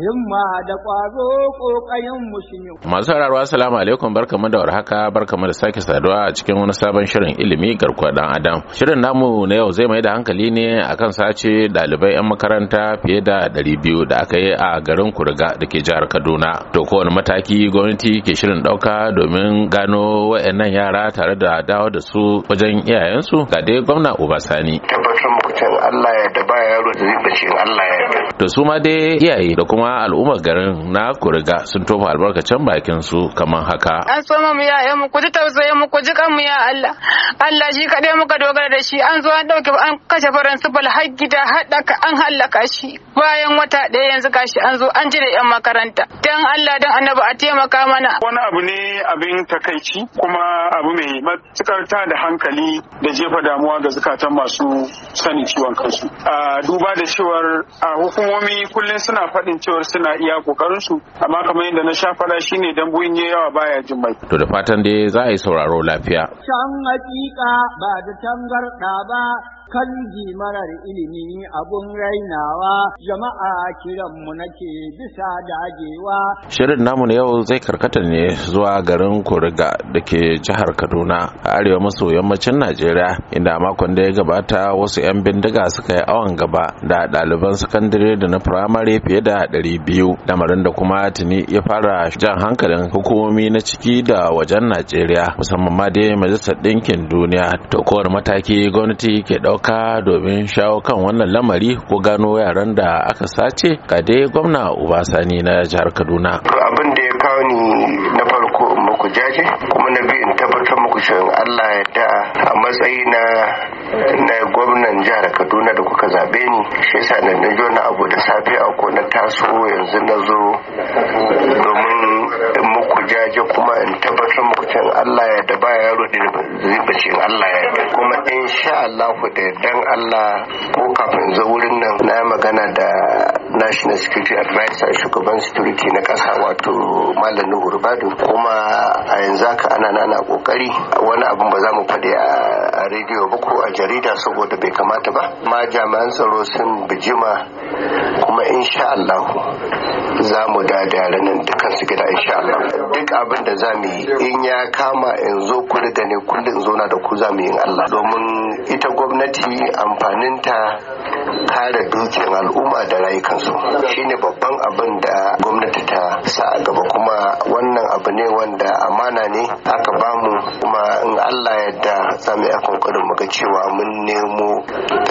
himma da ƙwazo Masu sauraro assalamu alaikum barkamu da warhaka barkamu da sake saduwa a cikin wani sabon shirin ilimi garkuwa dan adam. Shirin namu na yau zai mai da hankali ne akan sace dalibai 'yan makaranta fiye da ɗari biyu da aka yi a garin Kuriga da ke jihar Kaduna. To kowane mataki gwamnati ke shirin ɗauka domin gano wa'annan yara tare da dawo da su wajen iyayensu ga dai gwamna Obasani. Tabbatar Allah ya da zai su ma dai iyaye da kuma al'ummar garin na kuriga sun tofa albarkacin bakin su kamar haka an so mu ya mu ku ji tausayin mu ku ji kan mu ya Allah Allah shi kadai muka dogara da shi an zo an dauke an kashe faran har gida haɗaka an hallaka shi bayan wata ɗaya yanzu gashi an zo an ji yan makaranta dan Allah dan annabi a taimaka mana wani abu ne abin takaici kuma abu mai matukar da hankali da jefa damuwa ga zukatan masu sani ciwon kansu a duk duba da cewar a hukumomi kullum suna faɗin cewar suna iya kokarin su amma kamar yadda na sha fada shine dan buyin ya yawa baya jin mai to da fatan dai za a yi sauraro lafiya can hakika ba da tangarda ba kanji marar ilimi abun rainawa jama'a kiranmu nake bisa dagewa. Shirin namu na yau zai karkata ne zuwa garin Kuriga da ke jihar Kaduna a arewa maso yammacin Najeriya inda makon da ya gabata wasu 'yan bindiga suka yi awon gaba da ɗaliban sakandare da na firamare fiye da ɗari biyu lamarin da kuma tuni ya fara jan hankalin hukumomi na ciki da wajen Najeriya musamman ma dai majalisar ɗinkin duniya to mataki gwamnati ke ɗauka taimaka domin shawo kan wannan lamari ko gano yaran da aka sace ga dai gwamna Ubasani na jihar Kaduna. Abin da ya kawo ni na farko in muku jaje kuma na biyu in tabbatar muku shi Allah ya da a matsayi na na gwamnan jihar Kaduna da kuka zabe ni shi yasa na najo abu da safe a ko na taso yanzu na zo domin muku jaje kuma in tabbatar muku cewa Allah ya da ba yaro ba zai bace Allah ya insha Allahu da dan Allah ko kafin zo wurin nan na magana da National Security Advisor shugaban security na kasa wato Malam Nuhu Rubadu kuma a yanzu haka ana nana kokari wani abun ba za mu faɗi a radio ba ko a jarida saboda bai kamata ba ma jami'an tsaro sun bijima kuma insha Allah za mu gada nan dukkan su gida insha Allah duk abin da za mu yi in ya kama in zo ku da ne kullum zo na da ku za mu yi Allah domin ita gwamnati amfaninta kare dukiyar al'umma da rayukansu shine babban abin da gwamnati ta sa a gaba kuma wannan abu ne wanda amana ne aka mu. kuma in Allah yadda za mu yi a mu ga cewa mun nemo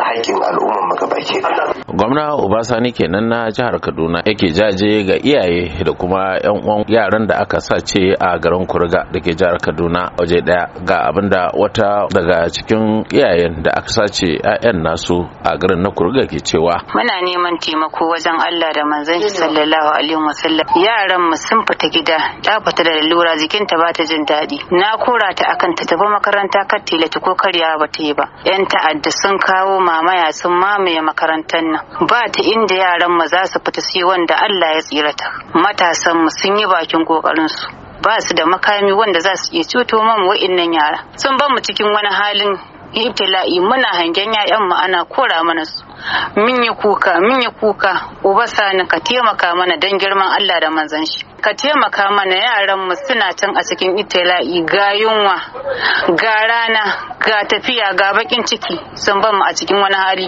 hakkin al'umma mu gabaki gwamna obasani kenan na jihar kaduna yake jaje ga iyaye da kuma yan uwan yaran da aka sace a garin Kurga, da ke jihar kaduna waje daya ga abinda wata daga cikin iyayen da aka sace 'ya'yan nasu a garin na Kurga ke cewa muna neman taimako wajen allah da manzon sallallahu alaihi wasallam yaran mu sun fita gida ta fita da lura jikinta ba ta jin daɗi na kora ta akan ta tafi makaranta kar tilata ko karya ba ta yi ba yan ta'adda sun kawo mamaya sun mamaye makarantar nan ba ta inda yaran mu za su fita sai wanda Allah ya tsirata matasan mu sun yi bakin kokarin su ba su da makami wanda za su iya ceto mu wa'annan yara sun ba mu cikin wani halin ibtila'i muna hangen 'ya'yan mu ana kora mana su min kuka min kuka uba sani ka taimaka mana don girman Allah da manzon shi ka taimaka mana yaran mu suna can a cikin itila'i ga yunwa ga rana ga tafiya ga bakin ciki sun ban mu a cikin wani hali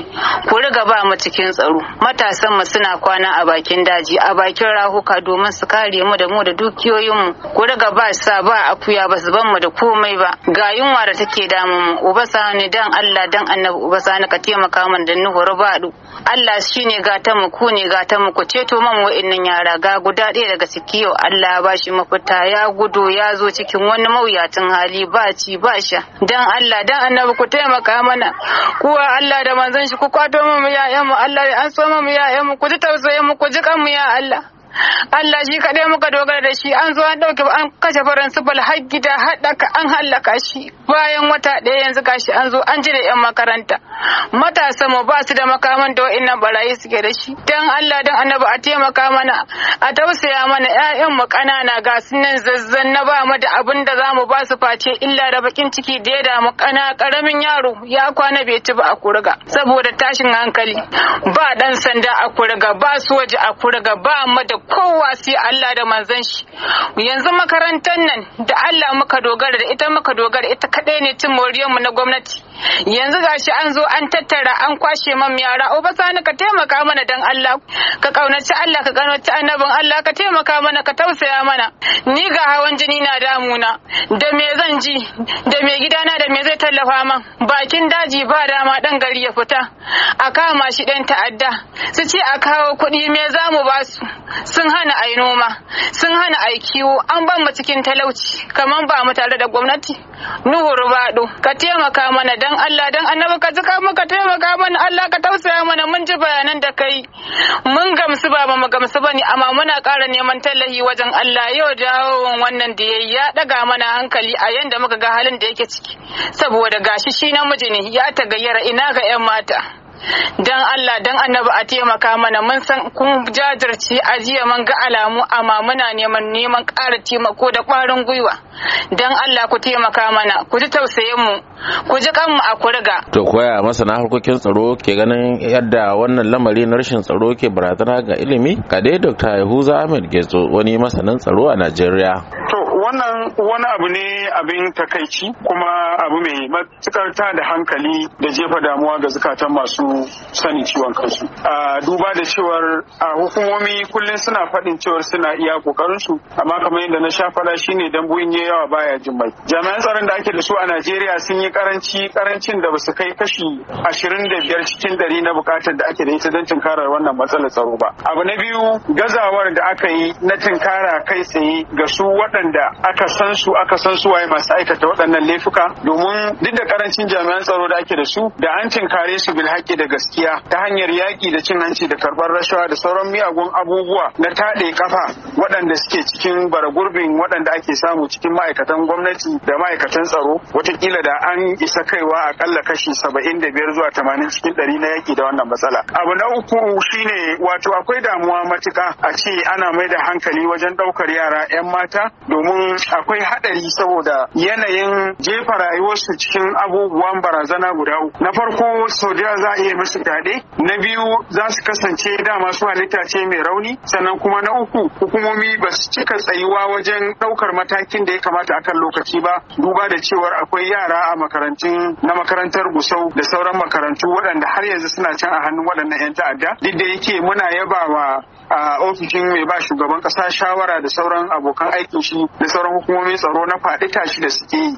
ku riga ba mu cikin tsaro matasan mu suna kwana a bakin daji a bakin rahuka domin su kare mu da mu da dukiyoyin mu ku riga ba sa ba akuya ba su ban mu da komai ba ga yunwa da take damun mu uba sani dan Allah dan annabi uba sani ka taimaka mana da nuhu badu Allah shine gata mu ku ne gata mu ku ceto man wainnan yara ga guda ɗaya daga ciki yau Allah ba shi mafita ya gudu ya zo cikin wani mawuyacin hali ba ci ba sha dan Allah dan annabi ku taimaka mana kuwa Allah da manzon shi ku kwato mu yayan mu Allah ya an so mu yayan mu ku ji tausayin mu ku ji kan mu ya Allah Allah shi kaɗai muka dogara da shi an zo an ɗauke an kashe farin sufal har gida haɗaka an hallaka shi bayan wata ɗaya yanzu gashi an zo an ji 'yan makaranta matasa mu ba su da makaman da wa'innan barayi suke da shi dan Allah dan annabi a taimaka mana a tausaya mana 'ya'yan mu ƙanana ga su nan zazzan na ba mu da abin da zamu ba su face illa da bakin ciki da ya damu ƙana ƙaramin yaro ya kwana bai ci ba a kurga saboda tashin hankali ba dan sanda a kurga ba su waje a kurga ba mu da kowa sai Allah da manzon shi yanzu makarantar nan da Allah muka dogara da ita muka dogara ita kadai ne cin moriyar mu na gwamnati yanzu gashi an zo an tattara an kwashe man yara Sani ka taimaka mana dan Allah ka kaunaci Allah ka kaunaci annabin Allah ka taimaka mana ka tausaya mana ni ga hawan jini na damuna da me zan ji da me gidana da me zai tallafa man bakin daji ba dama dan gari ya fita a kama shi dan ta'adda su ce a kawo kuɗi me za mu ba su sun hana ai noma sun hana ai kiwo an ban mu cikin talauci kamar ba mu tare da gwamnati Nuhu Rubado ka taimaka mana dan dan Allah dan annabi ka ji muka taimaka mana Allah ka tausaya mana mun ji bayanan da kai mun gamsu ba mu gamsu bane amma muna ƙara neman tallahi wajen Allah yau jawo wannan da yayi ya daga mana hankali a yanda muka ga halin da yake ciki saboda gashi shi namiji ne ya ta gayyara ina ga yan mata dan Allah dan annabi a taimaka mana mun san kun jajirce a jiya mun ga alamu amma muna neman neman ƙara taimako da ƙwarin gwiwa dan Allah ku taimaka mana ku ji tausayin mu ku ji kanmu a kurga to koya masana harkokin tsaro ke ganin yadda wannan lamari na rashin tsaro ke barazana ga ilimi dai Dr. Yahuza Ahmed Gezo wani masanin tsaro a Najeriya to wannan wani abu ne abin takaici kuma abu mai matukar ta da hankali da jefa damuwa ga zukatan masu sani ciwon kansu a duba da cewar a hukumomi kullum suna faɗin cewar suna iya kokarin su amma kamar yadda na sha fara shine buyin ya yawa baya jimai jami'an tsaron da ake da su a Najeriya sun yi karanci karancin da basu kai kashi ashirin da biyar cikin ɗari na bukatar da ake da ita don tunkarar wannan matsalar tsaro ba abu na biyu gazawar da aka yi na tunkara kai tsaye ga su waɗanda aka san su aka san su waye masu aikata waɗannan laifuka domin duk da karancin jami'an tsaro da ake da su da an tinkare su bil haƙƙi da gaskiya ta hanyar yaƙi da cin hanci da karɓar rashawa da sauran miyagun abubuwa na taɗe kafa waɗanda suke cikin baragurbin waɗanda ake samu cikin ma'aikatan gwamnati da ma'aikatan tsaro watakila da an isa kaiwa aƙalla kashi saba'in da biyar zuwa tamanin cikin ɗari na yaƙi da wannan matsala. Abu na uku shine wato akwai damuwa matuƙa a ce ana mai da hankali wajen ɗaukar yara 'yan mata domin akwai haɗari saboda yanayin jefa rayuwarsu cikin abubuwan barazana guda uku. Na farko soja za a iya musu fyaɗe, na biyu za su kasance dama su halitta ce mai rauni, sannan kuma na uku hukumomi ba su cika tsayuwa wajen ɗaukar matakin da ya kamata a kan lokaci ba, duba da cewar akwai yara a makarantun na makarantar Gusau da sauran makarantu waɗanda har yanzu suna can a hannun waɗannan 'yan ta'adda. Duk da yake muna yabawa a ofishin mai ba shugaban ƙasa shawara da sauran abokan aikin shi da sauran hukumomin tsaro na faɗi tashi da suke yi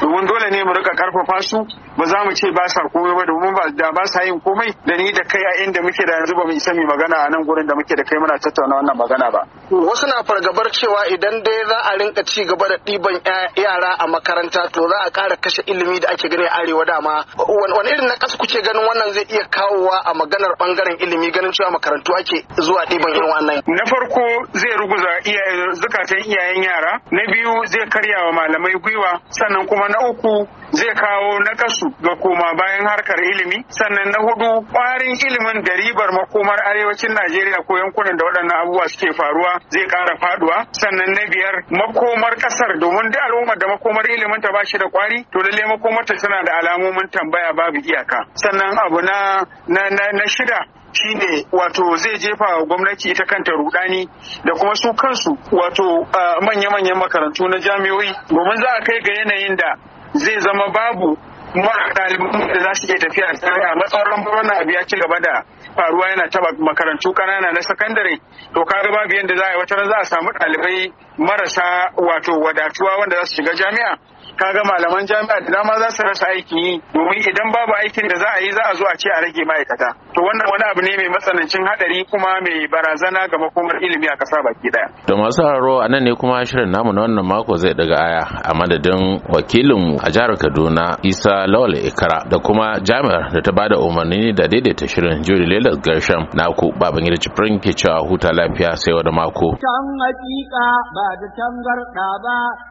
domin dole ne mu rika karfafa su ba za mu ce ba sa komai ba domin da ba sa yin komai da ni da kai a inda muke da yanzu ba mu isa mu magana a nan gurin da muke da kai muna tattauna wannan magana ba wasu na fargabar cewa idan dai za a rinka ci gaba da ɗiban yara a makaranta to za a ƙara kashe ilimi da ake gani a arewa dama wani irin na ƙasa kuke ganin wannan zai iya kawowa a maganar ɓangaren ilimi ganin cewa makarantu ake zuwa ɗiban irin wannan na farko zai ruguza iyaye zukatan iyayen yara na biyu zai karya wa malamai gwiwa sannan kuma na uku zai kawo nakasu ga koma bayan harkar ilimi sannan na hudu kwarin ilimin da ribar makomar arewacin najeriya ko yankunan da waɗannan abubuwa suke faruwa zai ƙara faduwa sannan na biyar makomar ƙasar domin duk al'ummar da makomar ilimin ta bashi da kwari to lalle makomar ta tana da alamomin tambaya babu iyaka sannan abu na na shida shine wato zai jefa gwamnati ita kanta rudani da kuma su kansu wato manya-manyan makarantu na jami'oi domin za a kai ga yanayin da zai zama babu mara ɗaliban da za su iya tafiya a matsayin wannan abu ya ci gaba da faruwa yana taba makarantu kanana na sakandare to ka ga babu yadda za a yi wata za a samu ɗalibai marasa wato wadatuwa wanda za su shiga jami'a kaga malaman jami'a da dama za su rasa aikin yi domin idan babu aikin da za a yi za a zo a ce a rage ma'aikata to wannan wani abu ne mai matsanancin hadari kuma mai barazana ga makomar ilimi a kasa baki daya to masu haro a nan ne kuma shirin namu na wannan mako zai daga aya a madadin wakilinmu a jihar kaduna isa lawal ikara da kuma jami'ar da ta bada umarni da daidaita shirin juri lelas garsham naku gida jibrin ke cewa huta lafiya sai wani mako can hakika ba da tangarda ba